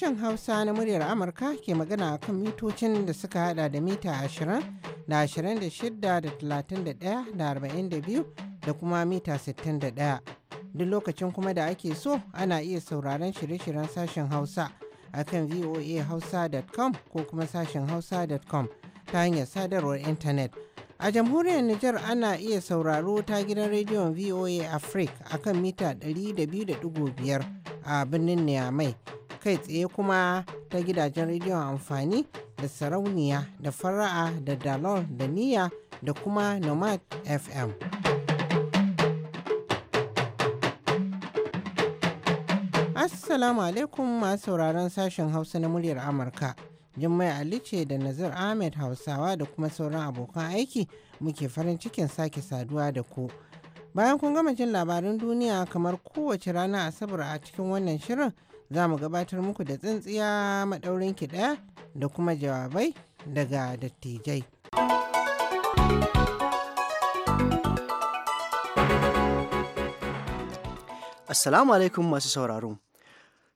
Sashen Hausa na muryar Amurka ke magana kan mitocin da suka hada da mita 20 da 26 da 31 da 42 da kuma mita 61. Duk lokacin kuma da ake so ana iya sauraron shirye-shiryen sashen Hausa a kan voahausa.com ko kuma sashen hausa.com ta hanyar sadarwar intanet. A jamhuriyar Nijar ana iya sauraro ta gidan rediyon VOA Africa a kan mita 200.5 a birnin Niamey. Kai tsaye kuma ta gidajen rediyon amfani da sarauniya da fara'a da dalon da niya da kuma nomad FM. Assalamu alaikum masu sauraron sashen Hausa na muryar Amurka. Jummai Ali ce da Nazir Ahmed Hausawa da kuma sauran abokan aiki muke farin cikin sake saduwa da ku. Bayan kun gama jin labarin duniya kamar kowace rana Asabar a cikin wannan shirin za mu gabatar muku da tsintsiya maɗaurin ki ɗaya da kuma jawabai daga dattijai. Assalamu alaikum masu sauraron.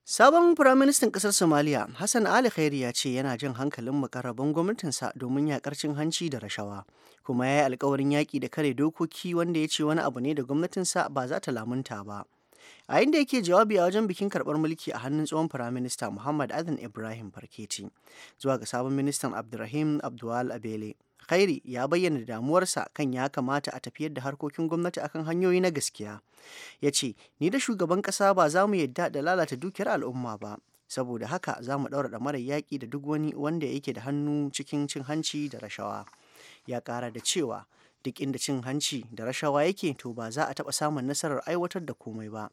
Sabon Firaministan ƙasar Somaliya Hassan Ali Khairi ya ce yana jin hankalin makarabin gwamnatinsa domin yakar cin hanci da rashawa, kuma ya yi alkawarin yaƙi da kare dokoki wanda ya ce wani abu ne da gwamnatinsa ba za ta lamunta ba. A inda yake jawabi a wajen bikin karɓar mulki a hannun tsohon Firaminista Muhammad Adan Ibrahim Farketi, zuwa ga sabon ministan Abdulrahim Abdul Abele. Khairi ya bayyana damuwarsa kan ya kamata a tafiyar da harkokin gwamnati akan hanyoyi na gaskiya. Ya ce, Ni da shugaban ƙasa ba za mu yadda da lalata dukiyar al'umma ba, saboda haka za mu ɗaura ɗamarar yaƙi da duk wani wanda yake da hannu cikin cin hanci da rashawa. Ya ƙara da cewa, duk inda cin hanci da rashawa yake to ba za a taɓa samun nasarar aiwatar da komai ba.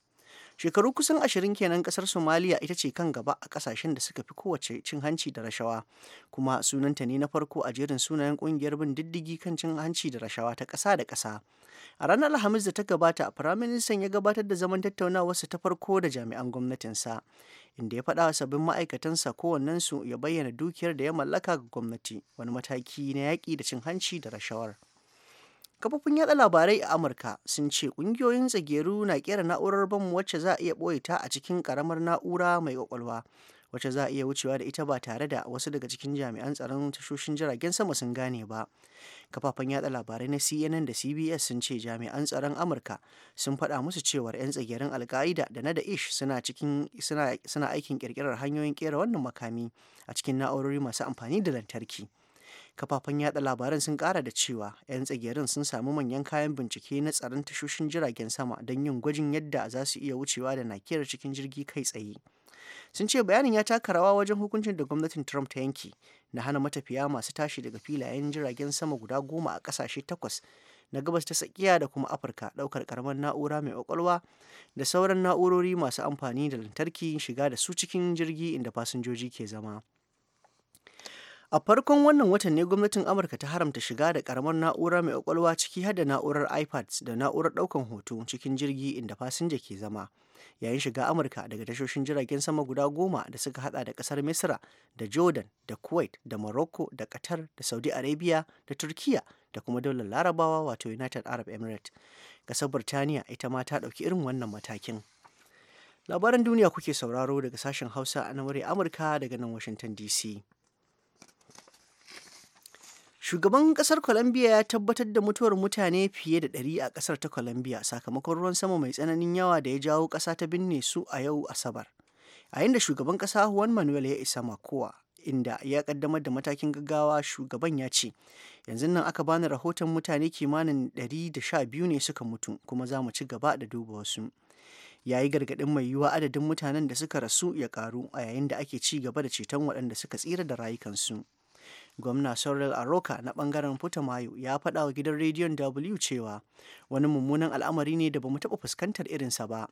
shekaru kusan ashirin kenan kasar somaliya ita ce kan gaba a kasashen da suka fi kowace cin hanci da rashawa kuma sunanta ne na farko a jerin sunayen kungiyar bin diddigi kan cin hanci da rashawa ta ƙasa da ƙasa a ranar alhamis da ta gabata firaministan ya gabatar da zaman tattaunawarsa ta farko da jami'an gwamnatinsa inda ya faɗa sabbin ma'aikatansa kowannensu ya bayyana dukiyar da ya mallaka ga gwamnati wani mataki na yaƙi da cin hanci da rashawar. kafofin yada labarai a amurka sun ce kungiyoyin tsageru na kera na'urar bam wacce za a iya ɓoye ta a cikin karamar na'ura mai kwakwalwa wacce za a iya wucewa da ita ba tare da wasu daga cikin jami'an tsaron tashoshin jiragen sama sun gane ba kafafen yada labarai na cnn da cbs sun ce jami'an tsaron amurka sun faɗa musu cewar 'yan tsagerin alka'ida da na da ish suna cikin suna aikin kirkirar hanyoyin kera wannan makami a cikin na'urori masu amfani da lantarki kafafen yada labaran sun kara da cewa 'yan tsagerin sun samu manyan kayan bincike na tsaron tashoshin jiragen sama don yin gwajin yadda za su iya wucewa da nakiyar cikin jirgi kai tsaye sun ce bayanin ya taka rawa wajen hukuncin da gwamnatin trump ta yanke na hana matafiya masu tashi daga filayen jiragen sama guda goma a kasashe takwas na gabas ta tsakiya da kuma afirka daukar karamar na'ura mai kwakwalwa da sauran na'urori masu amfani da lantarki shiga da su cikin jirgi inda fasinjoji ke zama A farkon wannan watan ne gwamnatin Amurka ta haramta shiga da karamar na'ura mai kwakwalwa ciki har da na'urar iPads da na'urar ɗaukan hoto cikin jirgi inda fasinja ke zama. Yayin shiga Amurka daga tashoshin jiragen sama guda goma da suka hada da kasar Misra da Jordan da Kuwait da Morocco da Qatar da Saudi Arabia da Turkiya da kuma daular Larabawa wato United Arab Emirates. Kasar Birtaniya ita ma ta ɗauki irin wannan matakin. Labaran duniya kuke sauraro daga sashen Hausa na Amurka daga nan Washington DC. Shugaban ƙasar Colombia ya tabbatar da mutuwar mutane fiye da ɗari a ƙasar ta Colombia sakamakon ruwan sama mai tsananin yawa da ya jawo ƙasa ta binne su a yau Asabar. A yayin shugaban ƙasa Juan Manuel ya isa Makowa inda ya kaddamar da matakin gaggawa shugaban ya ce yanzu nan aka bani rahoton mutane kimanin 112 ne suka mutu kuma za mu ci gaba da duba wasu ya yi gargaɗin mai yiwuwa adadin mutanen da suka rasu ya karu a yayin da ake ci gaba da ceton waɗanda suka tsira da rayukansu. gwamna Sorrel aroka na bangaren putumayo ya faɗa wa gidan rediyon w cewa wani mummunan al'amari ne da bamu taɓa fuskantar irinsa ba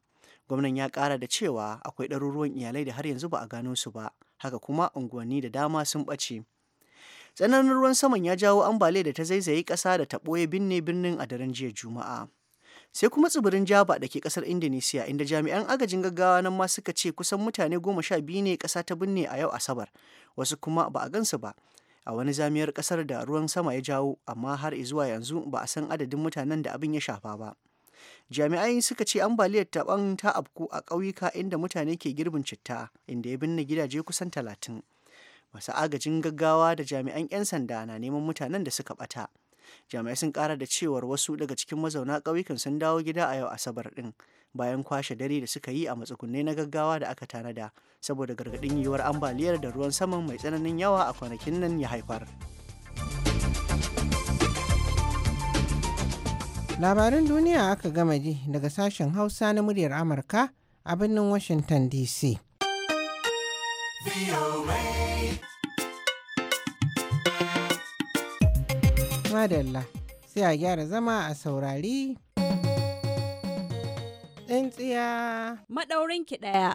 gwamnan ya ƙara da cewa akwai ɗaruruwan iyalai da har yanzu ba a gano su ba haka kuma unguwanni da dama sun ɓace tsananin ruwan saman ya jawo ambaliya da ta zaizaye ƙasa da ta ɓoye binne birnin a daren jiya juma'a sai kuma tsibirin jaba da ke kasar indonesia inda jami'an agajin gaggawa nan ma suka ce kusan mutane goma sha biyu ne ƙasa ta binne a yau asabar wasu kuma ba a gansu ba a wani zamiyar kasar da ruwan sama ya jawo amma har zuwa yanzu ba a san adadin mutanen da abin ya shafa ba jami'ai suka ce ambaliyar taɓan ta afku a ƙauyuka inda mutane ke girbin citta inda ya binne gidaje kusan talatin masu agajin gaggawa da jami'an 'yan sanda na neman mutanen da suka ɓata jami'ai sun kara da cewar wasu daga cikin mazauna ƙauyukan sun dawo gida a yau asabar din bayan kwashe dare da suka yi a matsugunne na gaggawa da aka tanada saboda gargaɗin yiwuwar ambaliyar da ruwan saman mai tsananin yawa a kwanakin nan ya haifar Labarin duniya aka gama ji daga sashen hausa na muryar amurka a birnin washington dc Madalla sai a gyara zama a saurari. Tsintsiya. Maɗaurin kiɗaya. ɗaya.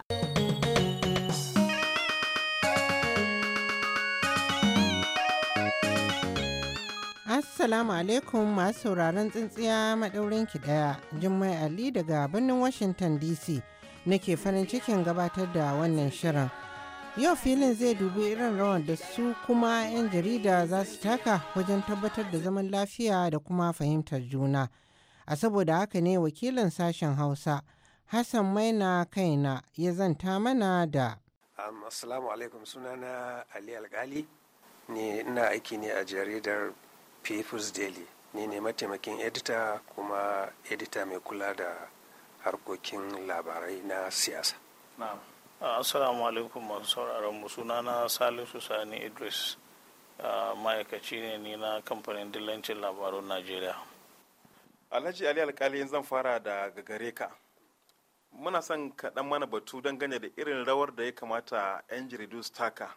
Assalamu alaikum masu sauraron tsintsiya maɗaurinki ɗaya. Jummai Ali daga birnin Washington DC nake farin cikin gabatar da wannan shirin. Yau filin zai dubi irin rawar da su kuma 'yan jarida za su taka wajen tabbatar da zaman lafiya da kuma fahimtar juna. A saboda haka ne wakilin sashen Hausa, Hassan Maina Kaina ya zanta mana da. Assalamu alaikum sunana Ali Alkali ne ina aiki ne a jaridar People's Daily. Ni ne mataimakin edita kuma edita mai kula da harkokin labarai na siyasa. assalamu alaikum masu sauraron mu na salisu sani idris ma'aikaci ne ni na kamfanin dillancin labarun najeriya alhaji ali alkali zan fara da gare ka muna son kaɗan mana batu don dangane da irin rawar da ya kamata 'yan jaridu su taka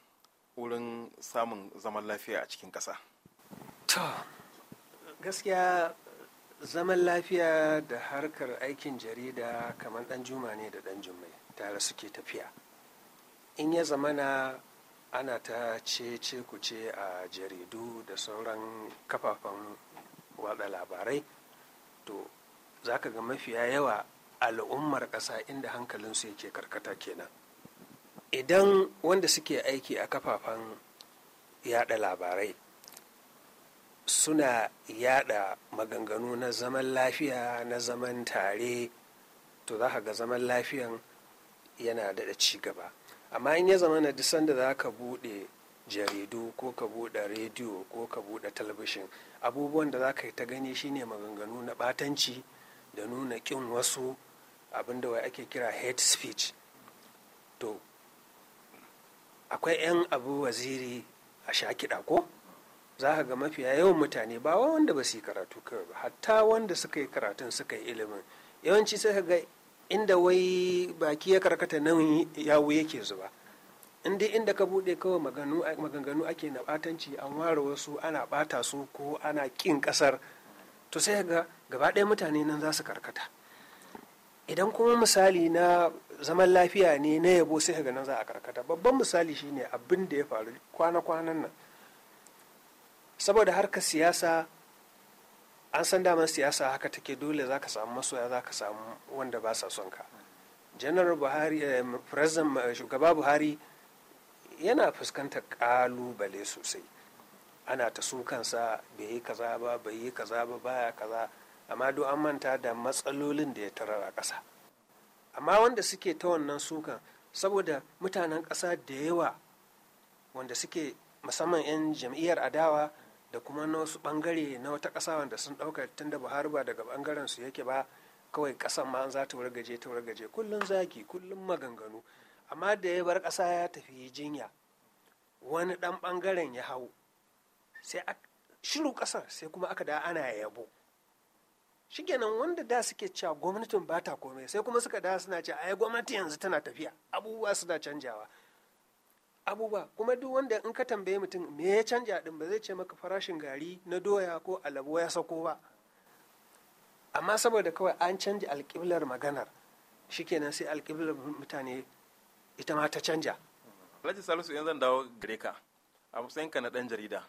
wurin samun zaman lafiya a cikin ƙasa to gaskiya zaman lafiya da harkar aikin jarida kamar ɗan juma ne da ɗan jummai tare suke tafiya in ya zamana ana ta ce ku ce a jaridu da sauran kafafen watsa labarai to za ka ga mafiya yawa al'ummar ƙasa inda hankalinsu yake karkata kenan idan wanda suke aiki a kafafen yada labarai suna yada maganganu na zaman lafiya na zaman tare to za ka ga zaman lafiyan yana daɗa ci gaba amma in ya zama na duk sanda za ka buɗe jaridu ko ka buɗe rediyo ko ka buɗe talabishin abubuwan da za ka yi ta gani shine maganganu na batanci da nuna ƙin wasu abinda wai ake kira hate speech to akwai 'yan abu waziri a shakida ko za ka ga mafiya yawan mutane ba wanda ba su yi karatu kawai ba hatta wanda suka yi karatun suka yi ilimin yawanci sai ka ga inda wai baki ya karkata nan yawo yake zuba inda inda ka bude kawai maganganu ake na batanci an ware wasu ana bata su ko ana kin kasar to sai ga gaba ɗaya mutane nan za su karkata idan kuma misali na zaman lafiya ne na yabo sai ga nan za a karkata babban misali shine abin da ya faru kwana-kwanan nan saboda harka siyasa an san damar siyasa haka take dole za ka samu masoya za ka samu wanda ba sa son ka general buhari eh, eh, shugaba buhari yana fuskantar kalubale sosai ana ta sukansa bai yi kaza ba bai yi kaza ba baya kaza amma do an manta da matsalolin da ya tarar a ƙasa amma wanda suke ta wannan sukan saboda mutanen ƙasa da yawa wanda suke musamman 'yan jam'iyyar adawa da kuma na wasu bangare na wata ƙasa wanda sun ɗauka tunda buhari ba daga bangaren su yake ba kawai ƙasan ma za ta wargaje ta wargaje kullum zaki kullum maganganu amma da ya bar kasa ya tafi jinya wani dan bangaren ya hau sai a shiru kasar sai kuma aka da ana yabo shikenan wanda da suke cewa gwamnatin ba ta komai sai kuma suka da suna cewa ai gwamnati yanzu tana tafiya abubuwa suna canjawa abubuwa kuma duk wanda in ka tambaye mutum me ya canja din ba zai ce maka farashin gari na doya ko alabo ya sako ba amma saboda kawai an canja alƙiblar maganar shikenan sai alƙiblar mutane ita ma ta canja alhaji salisu yanzu dawo gare ka a ka na dan jarida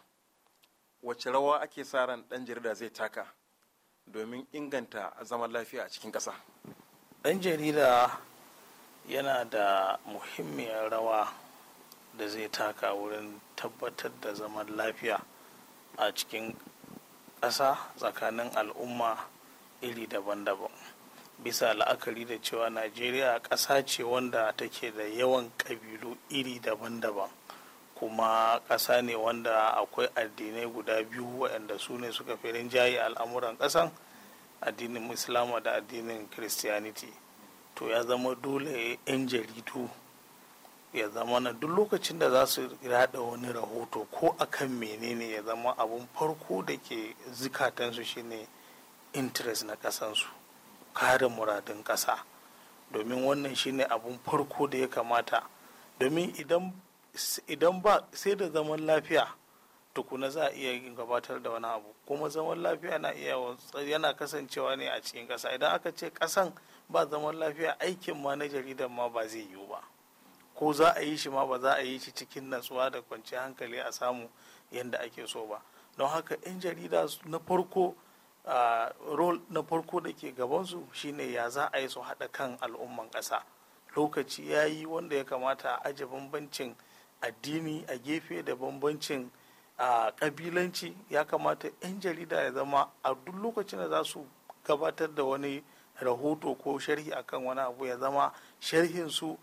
wacce rawa ake sa ran dan jarida zai taka domin inganta zaman lafiya a cikin ƙasa ɗan jarida yana da muhimmiyar rawa da zai taka wurin tabbatar da zaman lafiya a cikin ƙasa tsakanin al'umma iri daban-daban bisa la'akari da cewa najeriya ƙasa ce wanda take da yawan ƙabilu iri daban-daban kuma ƙasa ne wanda akwai addinai guda biyu waɗanda su ne suka fi rinjaye al'amuran ƙasan addinin islama da addinin christianity to ya zama dole 'yan jaridu ya zama na duk lokacin da za su rada wani rahoto ko akan menene ya zama abun farko da ke zukatansu shine interest na kasansu kare muradin kasa domin wannan shine abun farko da ya kamata domin idan ba sai da zaman lafiya tukuna za a iya gabatar da wani abu kuma zaman lafiya na iya yana kasancewa ne a cikin kasa idan aka ce kasan ba zaman lafiya aikin ma na jaridar ma ba zai yiwu ba ko za a yi shi ma ba za a yi shi cikin natsuwa da kwanciyar hankali a samu yadda ake so ba don haka 'yan jarida na farko rol na farko da ke gabansu shine ya za a yi su haɗa kan al'umman ƙasa lokaci ya yi wanda ya kamata a aje bambancin addini a gefe da bambancin kabilanci ya kamata 'yan jarida ya zama a duk lokacin da za su gabatar da wani rahoto ko sharhi akan wani abu ya zama sharhin su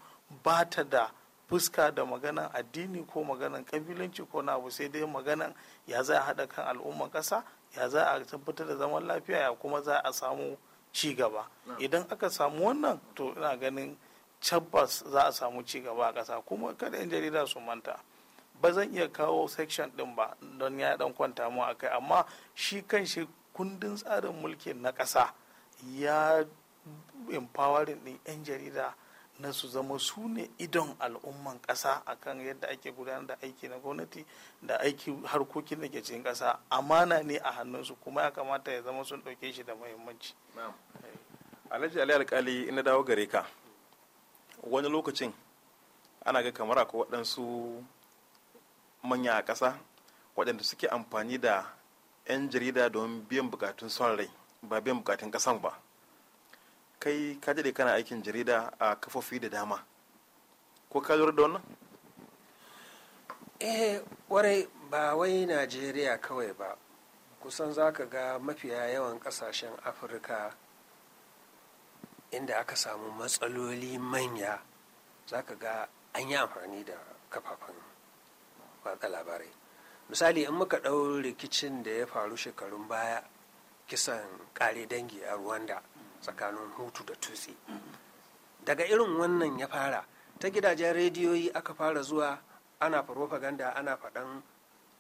ba ta da fuska da maganan addini ko maganan kabilanci ko na abu sai dai maganan ya za a haɗa kan al'umman ƙasa ya za a tabbatar da zaman lafiya ya kuma za a samu ci gaba idan aka samu wannan to ina ganin tabbas za a samu ci gaba a ƙasa kuma kada 'yan jarida su manta ba zan iya kawo section ɗin ba don ya dan kwanta mu a kai amma shi kan shi kundin tsarin mulkin na ƙasa ya empowering ɗin 'yan jarida na su zama su ne idon al'umman ƙasa akan yadda ake gudanar da aiki na gwamnati da aiki harkokin da ke cikin ƙasa amana ne a hannunsu kuma ya kamata ya zama sun ɗauke shi da muhimmanci alhaji ali alkali ina dawo gare ka wani lokacin ana ga kamar akwai waɗansu manya a ƙasa waɗanda suke amfani da 'yan jarida don biyan bukatun son rai ba biyan bukatun ƙasan ba kai ka daɗe kana aikin jarida a kafofi da dama ko ka lura da wannan eh kwarai ba wai najeriya kawai ba kusan za ka ga mafiya yawan kasashen afirka inda aka samu matsaloli manya za ka ga an yi amfani da kafafen watsa labarai misali in muka ɗau rikicin da ya faru shekarun baya kisan ƙare dangi a rwanda tsakanin hutu da tutsi daga irin wannan ya fara ta gidajen rediyoyi aka fara zuwa ana farofaganda ana faɗan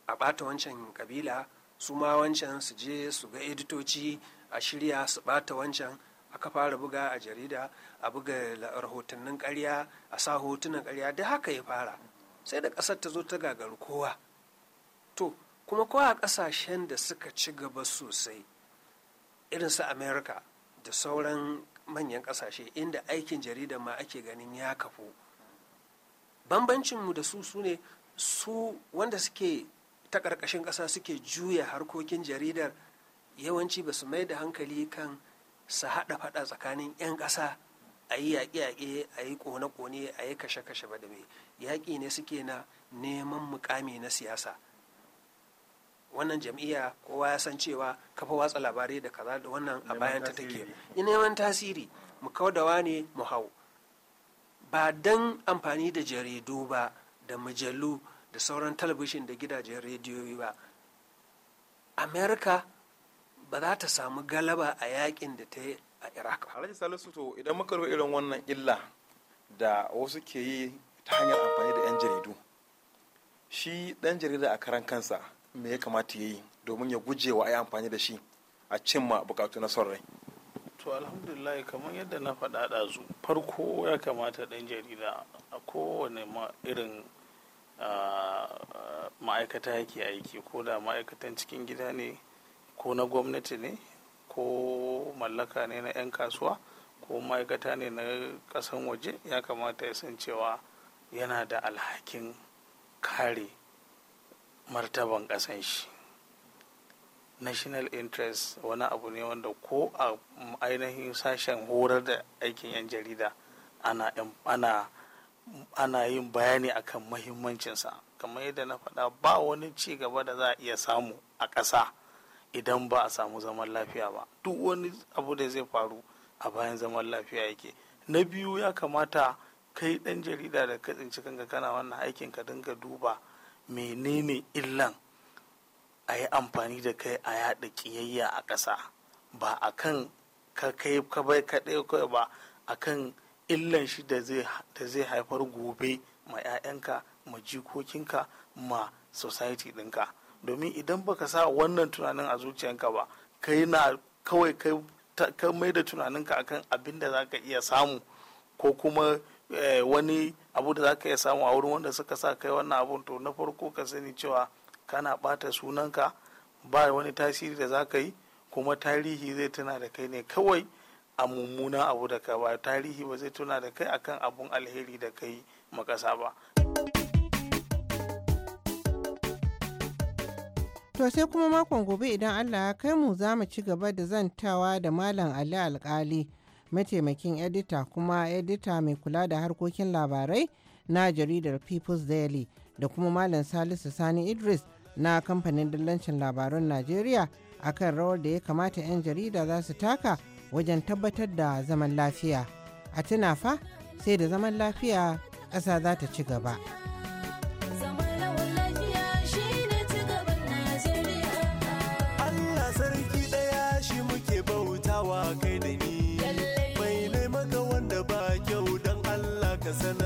a ɓata wancan kabila su ma wancan su je su ga editoci a shirya su ɓata wancan aka fara buga a jarida a buga rahotannin karya a sa hotunan ƙarya da haka ya fara sai da ƙasar ta zo ta gagaru kowa to kuma kowa ƙasashen da suka ci gaba sosai irin su america da sauran manyan kasashe inda aikin jarida ma ake ganin ya kafu bambancinmu da su su ne su wanda suke ta ƙarƙashin ƙasa suke juya harkokin jaridar yawanci ba su mai da hankali kan su haɗa faɗa tsakanin 'yan ƙasa a yi yaƙe-yaƙe a yi ƙone kone a yi kashe-kashe ba da mai yaƙi ne suke na neman mukami na siyasa wannan jam'iyya kowa ya san cewa kafa watsa labarai da kaza da wannan a bayan ta take neman tasiri mu kaudawa ne mu hau ba dan amfani da jaridu ba da mujallu da sauran talabishin da gidajen rediyoyi ba amerika ba za ta samu galaba a yakin da ta yi a iraq ba alhaji salisu to idan muka rufe irin wannan illa da wasu ke yi ta hanyar amfani da 'yan jaridu shi dan jarida a karan kansa me ya kamata ya yi domin ya guje wa a yi amfani da shi a cimma bukatu na son rai to alhamdulillah kamar yadda na faɗa ɗazu farko ya kamata ɗan jarida a kowane irin ma'aikata yake aiki ko da ma'aikatan cikin gida ne ko na gwamnati ne ko mallaka ne na 'yan kasuwa ko ma'aikata ne na ƙasan waje ya kamata ya san cewa yana da alhakin kare martaban ƙasan shi national interest wani abu ne wanda ko a ainihin sashen horar da aikin 'yan jarida ana, yin bayani akan mahimmancinsa kamar yadda na faɗa ba wani ci gaba da za a iya samu a ƙasa idan ba a samu zaman lafiya ba duk wani abu da zai faru a bayan zaman lafiya yake na biyu ya kamata kai ɗan jarida da ka tsinci kanka kana wannan aikin ka dinga duba menene illan a yi amfani da kai a yaɗa ƙiyayya a ƙasa ba a kan ka kai ka kaɗai kawai ba a kan illan shi da zai haifar gobe ma 'ya'yanka ma jikokinka ma society ɗinka domin idan baka sa wannan tunanin a zuciyanka ba kai na kawai kai mai da tunaninka akan abin da za ka iya samu ko kuma eh, wani abu da za ka iya samu a wurin wanda suka sa kai wannan abun to na farko ka sani cewa kana bata sunanka ba wani tasiri da za ka yi kuma tarihi zai tuna da kai ne kawai a mummunan abu da ka ba tarihi ba zai tuna da kai akan abun alheri da kai makasa ba. To sai kuma makon gobe idan Allah ya kai mu za mu ci gaba da zantawa da Malam Ali Alkali mataimakin edita kuma edita mai kula da harkokin labarai na jaridar people's daily da kuma malam salisu sani idris na kamfanin dillancin labarun najeriya akan rawar da ya kamata 'yan jarida za su taka wajen tabbatar da zaman lafiya a tuna fa sai da zaman lafiya ƙasa za ta ci gaba. Cause in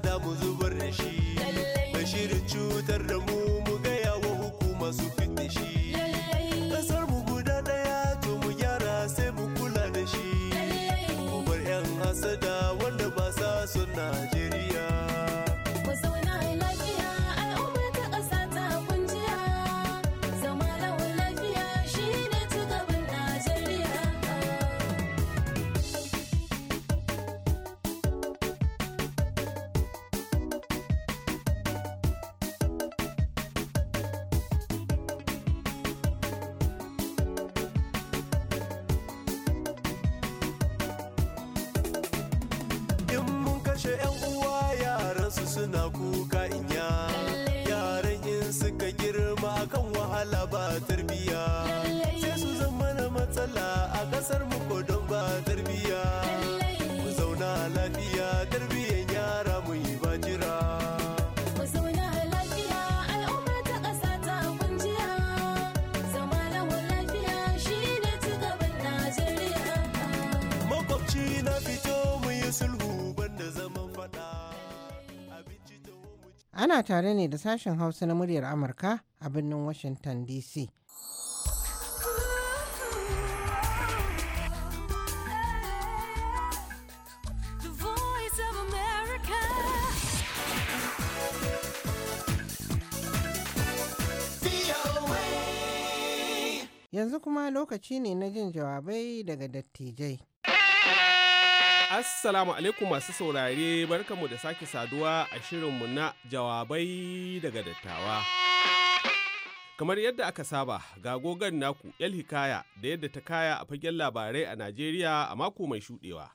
da mu zuba Ana tare ne da sashen Hausa na muryar Amurka a birnin Washington DC. Yanzu kuma lokaci ne na jin jawabai daga dattijai. Assalamu alaikum masu saurare barkanmu da sake saduwa a shirinmu na jawabai daga dattawa. Kamar yadda aka saba, ga gogon naku 'yar Hikaya da yadda ta kaya a fagen labarai a Najeriya a mako mai shuɗewa.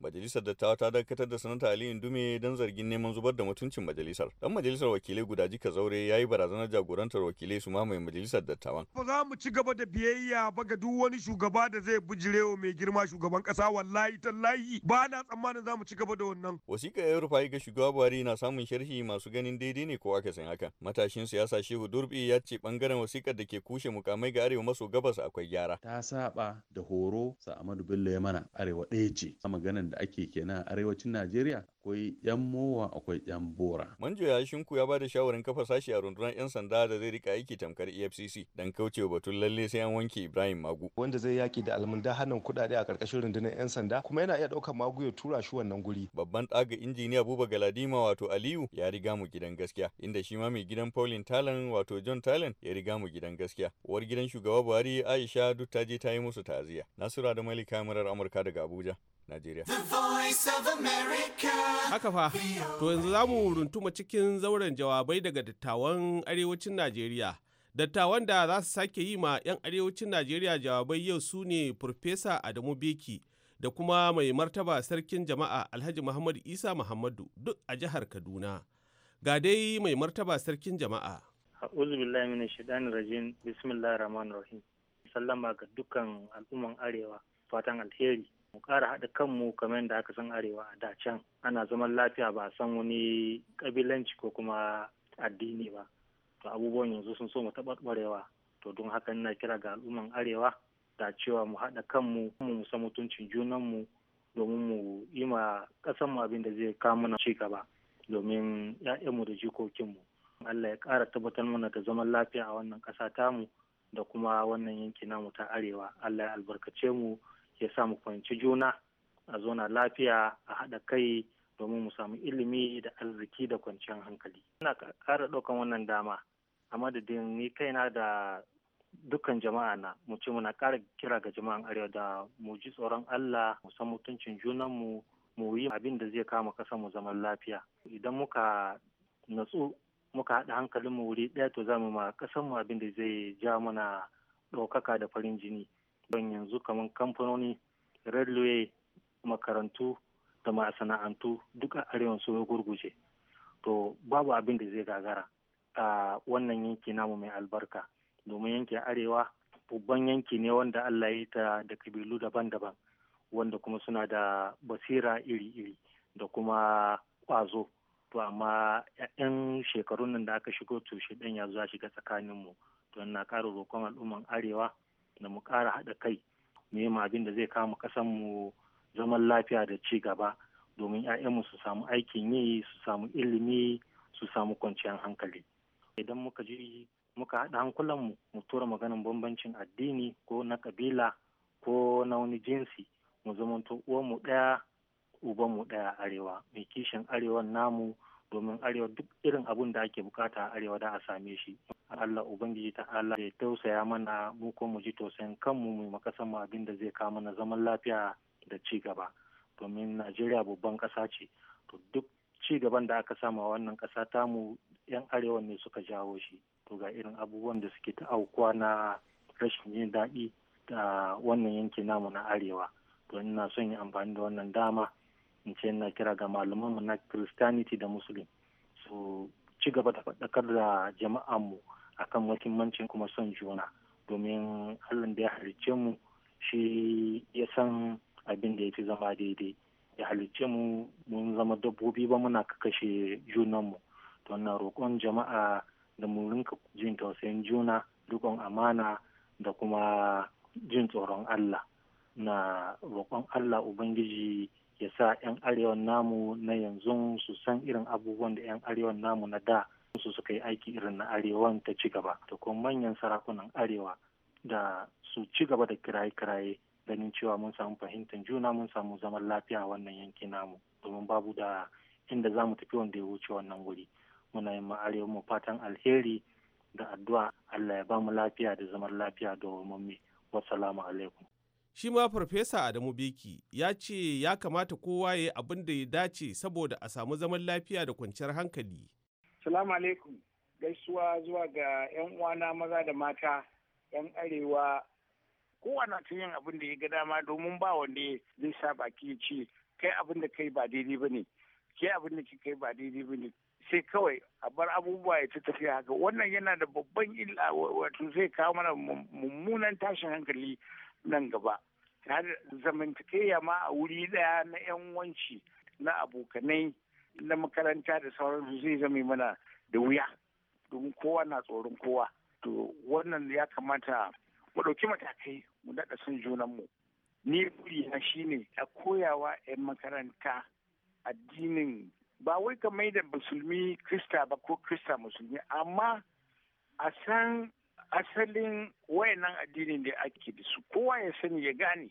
Majalisar dattawa ta dakatar da sanata Aliyu Dume don zargin neman zubar da mutuncin majalisar. Dan majalisar wakilai guda jika zaure ya yi barazanar jagorantar wakilai su mamaye majalisar dattawan. Ba za mu ci gaba da biyayya ba ga duk wani shugaba da zai bujirewa mai girma shugaban kasa wallahi tallahi ba na tsammanin za mu ci gaba da wannan. Wasiƙa ya rufa ga shugaba Buhari na samun sharhi masu ganin daidai ne ko akasin haka. Matashin siyasa Shehu Durbi ya ce bangaren wasiƙar da ke kushe mukamai ga arewa maso gabas akwai gyara. Ta saba da horo sa Amadu Bello ya mana arewa ɗaya ce. maganan da ake kenan arewacin Najeriya akwai 'yan mowa akwai 'yan bora. Manjo yashinku shinku ya ba da shawarin kafa sashi a rundunar 'yan sanda da zai rika aiki tamkar EFCC don wa batun lalle sai an wanke Ibrahim Magu. Wanda zai yaki da almunda hannun kuɗaɗe a karkashin rundunar 'yan sanda kuma yana iya ɗaukar Magu ya tura shi wannan guri. Babban ɗaga injiniya Buba Galadima wato Aliyu ya riga mu gidan gaskiya inda shi ma mai gidan Paulin Talan wato John Talan ya riga mu gidan gaskiya. Uwar gidan shugaba Buhari Aisha duk ta je ta yi musu taziya. Nasura da Malika Murar Amurka daga Abuja. Najeriya. Haka fa, to yanzu za mu runtuma cikin zauren jawabai daga dattawan arewacin Najeriya. Dattawan da za su sake yi ma 'yan arewacin Najeriya jawabai yau su ne Farfesa Adamu Beki da kuma mai martaba sarkin jama'a Alhaji Muhammad Isa Muhammadu duk a jihar Kaduna. Ga dai mai martaba sarkin jama'a. A'udhu billahi minash shaitanir Sallama ga dukkan al'umman arewa. Fatan alheri. mu kara haɗa kanmu kamar yadda aka san arewa a da can ana zaman lafiya ba a san wani ƙabilanci ko kuma addini ba to abubuwan yanzu sun so mu taɓarɓarewa to don haka ina kira ga al'umman arewa da cewa mu haɗa kanmu mu san mutuncin junanmu domin mu yi ma ƙasanmu abin da zai kawo mana ci gaba domin 'ya'yanmu da jikokinmu Allah ya ƙara tabbatar mana da zaman lafiya a wannan ƙasa tamu da kuma wannan yanki namu ta arewa Allah ya albarkace mu ya sa mu fahimci juna a zona lafiya a haɗa kai domin mu samu ilimi da arziki da kwanciyar hankali. Ina ƙara ɗaukan wannan dama a madadin ni kaina da dukkan jama'a na mu ce muna ƙara kira ga jama'an arewa da mu ji tsoron Allah mu san mutuncin junanmu mu yi abin da zai kama ƙasar mu zaman lafiya. Idan muka natsu muka haɗa hankalinmu wuri ɗaya to za mu ma ƙasar mu abin da zai ja mana ɗaukaka da farin jini. ban yanzu kamar kamfanoni railway makarantu da masana'antu duk a arewa sun gurguje to babu abin da zai gagara a wannan yanki namu mai albarka domin yankin arewa babban yanki ne wanda allah ya ta da kabilu daban-daban wanda kuma suna da basira iri-iri da kuma kwazo to amma 'yan shekarun nan da aka shigo to shi ya zo shiga tsakaninmu to na ƙara roƙon al'umman arewa da mu ƙara haɗa kai nema abin da zai kama mu zaman lafiya da ci gaba domin 'ya'yanmu su samu aikin yi su samu ilimi su samu kwanciyar hankali idan muka ji muka haɗa hankulan mu tura maganin bambancin addini ko na ƙabila ko na wani jinsi mu zamanto uwanmu ɗaya ubanmu ɗaya arewa mai kishin arewan namu domin arewa duk irin abun da ake bukata a arewa da a same shi Allah Ubangiji ta Allah ya tausaya mana mu ko mu ji tausayin kanmu mu maka kasan abin da zai kawo mana zaman lafiya da ci gaba domin Najeriya babban ƙasa ce to duk ci gaban da aka samu a wannan ƙasa mu yan arewa ne suka jawo shi to ga irin abubuwan da suke ta aukuwa na rashin yin daɗi da wannan yanki namu na arewa to ina son yi amfani da wannan dama in ce ina kira ga malamanmu na christianity da muslim su ci gaba da faɗakar da jama'anmu mu akan muhimmancin kuma son juna domin allah da ya halicce mu shi ya san abin da ya fi zama daidai ya halicce mu mun zama dabbobi ba muna kakashe junanmu to na roƙon jama'a da mu rinka jin tausayin juna rikon amana da kuma jin tsoron allah na roƙon allah ubangiji ya sa 'yan arewan namu na yanzu su san irin abubuwan da 'yan arewan namu na da su suka yi aiki irin na arewa ta ci gaba da kuma manyan sarakunan arewa da su ci gaba da kiraye-kiraye ganin cewa mun samu fahimtar juna mun samu zaman lafiya a wannan yanki namu domin babu da inda za mu tafi wanda ya wuce wannan wuri muna yin ma arewa mu fatan alheri da addu'a Allah ya ba mu lafiya da zaman lafiya da wamanmi wassalamu alaikum shi ma farfesa adamu biki ya ce ya kamata kowa ya abin da ya dace saboda a samu zaman lafiya da kwanciyar hankali Salamu alaikum gaisuwa zuwa ga 'yan uwana maza da mata 'yan arewa kowane ta yin abin da ya ga dama domin ba wanda zai sa baki ya ce kai abin da kai ba daidai ba ne kai abin da kai ba daidai ba ne sai kawai a bar abubuwa ya ta tafiya haka wannan yana da babban illa wato zai kawo mana mummunan tashin hankali nan gaba har zamantakeya ma a wuri daya na yan wanci na abokanai na makaranta da sauransu zai zama mana da wuya domin kowa na tsoron kowa to wannan ya kamata mu ɗauki matakai mu daɗa son junanmu ni shi shine a koyawa 'yan makaranta addinin ba wai ka mai da musulmi krista ba ko krista musulmi amma a san asalin wayannan addinin da ake da su kowa ya sani ya gane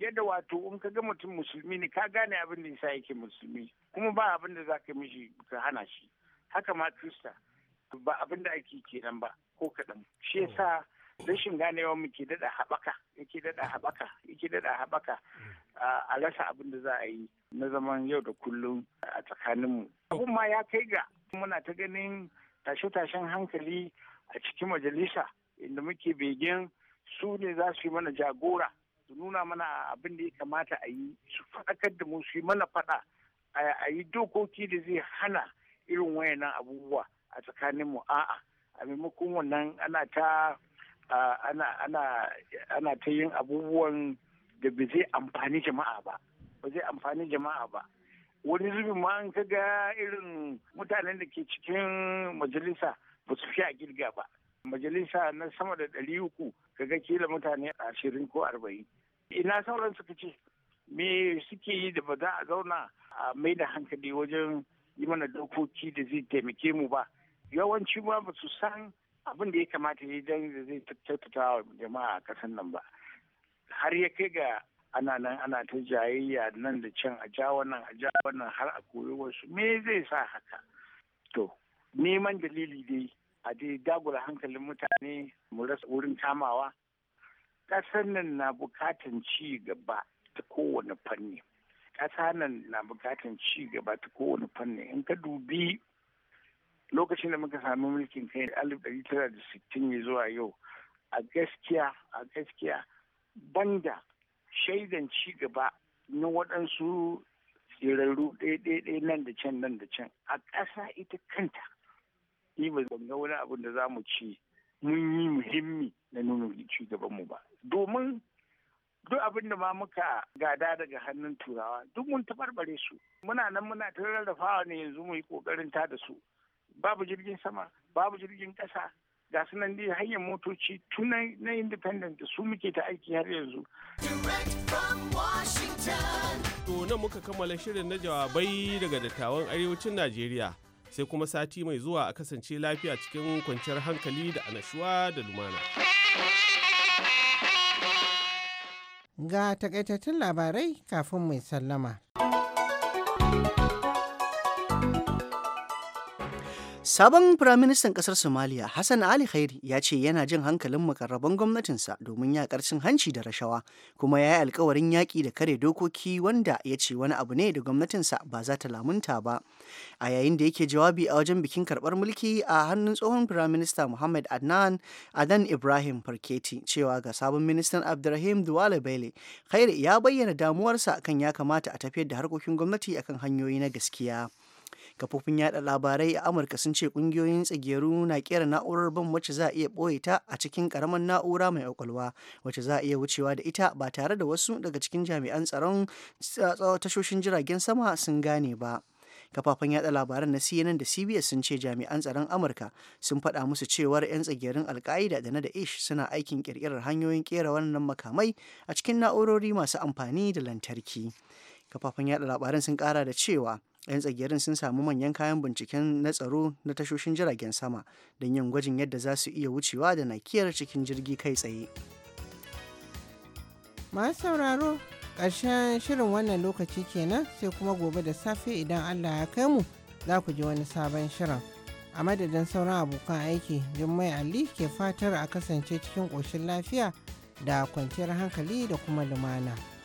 yadda wato in ka ga mutum musulmi ne ka gane abin da yasa yake musulmi kuma ba abin da za ka mishi ka hana shi haka ma krista ba abin da ake kenan ba ko kaɗan shi yasa rashin ganewa mu ke daɗa haɓaka yake daɗa haɓaka yake daɗa haɓaka a rasa abin da za a yi na zaman yau da kullum a tsakanin mu. abun ma ya kai ga muna ta ganin tashe-tashen hankali a cikin majalisa inda muke begen su ne za su yi mana jagora su nuna mana abin da ya kamata a yi su faɗakar da mu su yi mana faɗa a yi dokoki da zai hana irin wayannan abubuwa a tsakanin mu a'a a maimakon wannan ana ta ana ta yin abubuwan da ba zai amfani jama'a ba ba zai amfani jama'a ba wani zubin ma an kaga irin mutanen da ke cikin majalisa ba su fi a girga ba majalisa na sama da ɗari uku kaga kila mutane ashirin ko arba'in ina sauran suka ce me suke yi da ba za a zauna a mai da hankali wajen yi mana dokoki da zai taimake mu ba yawanci ma ba su san abin da ya kamata ya yi don da zai tattauta wa jama'a a ƙasar nan ba har ya kai ga ana nan ana ta jayayya nan da can a ja wannan a ja wannan har a koyo wasu me zai sa haka to neman dalili dai a dai dagula hankalin mutane mu rasa wurin kamawa. ƙasar nan na bukatan ci gaba ta kowane fanni ƙasa nan na bukatan ci gaba ta kowane fanni in ka dubi lokacin da muka sami mulkin kai alif ɗari tara da sittin ya zuwa yau a gaskiya a gaskiya banda shaidan ci gaba na waɗansu tsirarru ɗaya nan da can nan da can a ƙasa ita kanta ni ba ga wani abin da za mu ci mun yi muhimmi na nuna ci gaban mu ba domin duk abin da ma muka gada daga hannun turawa duk mun tabarbare su muna nan muna ta rarrafawa ne yanzu mu yi kokarin ta da su babu jirgin sama babu jirgin kasa ga su nan dai hanyar motoci tun na independent su muke ta aiki har yanzu to nan muka kammala shirin na jawabai daga dattawan arewacin najeriya sai kuma sati mai zuwa a kasance lafiya cikin kwanciyar hankali da anashuwa da lumana. Ga takaitattun labarai kafin mai sallama. Sabon Firaministan ƙasar Somalia, Hassan Ali Khairi ya ce yana jin hankalin makarraban gwamnatinsa domin ya cin hanci da rashawa kuma ya yi alkawarin yaƙi da kare dokoki wanda ya ce wani abu ne da gwamnatinsa ba za ta lamunta ba. A yayin da yake jawabi a wajen bikin karɓar mulki a hannun tsohon Firaminista Muhammad Adnan Adan Ibrahim Farketi cewa ga sabon ministan Abdurrahim Duwale Bele Khairi ya bayyana damuwarsa kan ya kamata a tafiyar da harkokin gwamnati akan hanyoyi na gaskiya. kafofin yada labarai a amurka sun ce kungiyoyin tsigeru na kera na'urar ban wacce za a iya ɓoye ta a cikin karamar na'ura mai kwakwalwa wacce za a iya wucewa da ita ba tare da wasu daga cikin jami'an tsaron tashoshin jiragen sama sun gane ba kafafen yada labaran na cnn da cbs sun ce jami'an tsaron amurka sun faɗa musu cewar 'yan tsagerin alka'ida da na da ish suna aikin ƙirƙirar hanyoyin ƙera wannan makamai a cikin na'urori masu amfani da lantarki kafafen yada labaran sun ƙara da cewa 'yan tsagerin sun samu manyan kayan binciken na tsaro na tashoshin jiragen sama don yin gwajin yadda za su iya wucewa da nakiyar cikin jirgi kai tsaye masu sauraro ƙarshen shirin wannan lokaci kenan sai kuma gobe da safe idan allah ya kai mu za ku ji wani sabon shirin a madadin sauran abokan aiki jummai ali ke fatar a kasance cikin ƙoshin lafiya da kwanciyar hankali da kuma lumana.